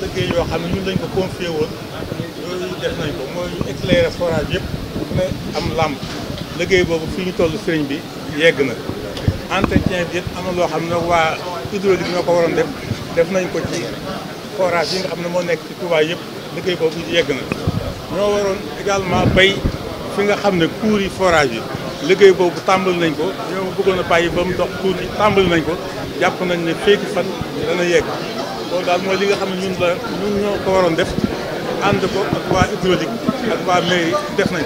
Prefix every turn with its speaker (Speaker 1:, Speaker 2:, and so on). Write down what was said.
Speaker 1: liggéey yoo xam ne ñun dañ ko confié woon yooyu def nañ ko mooy ñu éclairer forage yëpp ne am làmp liggéey boobu fii ñu toll sëriñ bi yegg na entretien bi it am na loo xam ne waa hydraulique ñoo ko waroon def def nañ ko ci forage yi nga xam ne moo nekk ci Touba yëpp liggéey boobu yegg na ñoo waroon également bay fi nga xam ne kuur yi forage yi liggéey boobu tàmbali nañ ko ñoo bëggoon a bàyyi ba mu dox tuuti tàmbali nañ ko jàpp nañ ne féeki fan dana yegg loolu daal mooy li nga xam ne ñun la ñun ñoo ko waroon def ànd ko ak waa hydraulique a waa mairie
Speaker 2: def nañ